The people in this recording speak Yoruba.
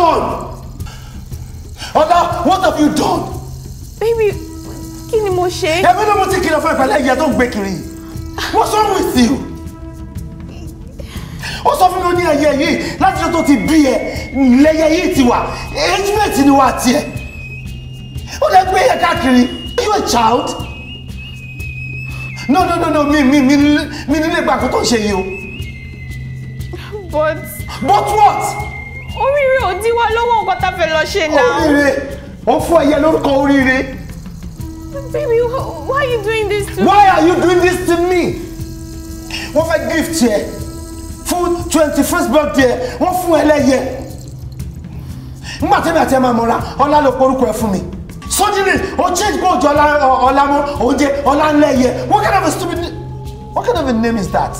done? Ọ̀gá, what have you done? Baby, kí ni mo ṣe? Ẹ̀mí ló mú ti kìlọ̀ fún ìpàdé ìyá tó ń gbé kiri. What's wrong with you? Ó sọ fún mi ó ní ẹyẹ yìí láti tó ti bí ẹ lẹ́yẹ yìí ti wà. Engagement ni wà tiẹ̀. Ó lè gbé ẹyẹ káàkiri. Are you a child? No, no, no, no, mi mi mi mi nílé gbàgbọ́ tó ń ṣe yìí o. But. But what? oríire ò dí wa lọ́wọ́ nǹkan tá a fẹ́ lọ ṣe náà. oríire ó fún ẹyẹ lórúkọ oríire. baby why are you doing this to me. why are you doing this to me. wọ́n fẹ́ gift yẹ fún twenty first birthday wọ́n fún ẹlẹ́yẹ nígbà tẹ́mi àti ẹ̀ máa mọ̀ra ọlá ló porúkọ ẹ fún mi suddenly o change go ojú ọlá ọlá mọ oúnjẹ ọlá ńlẹ yẹ what kind of a stupid what kind of a name is that.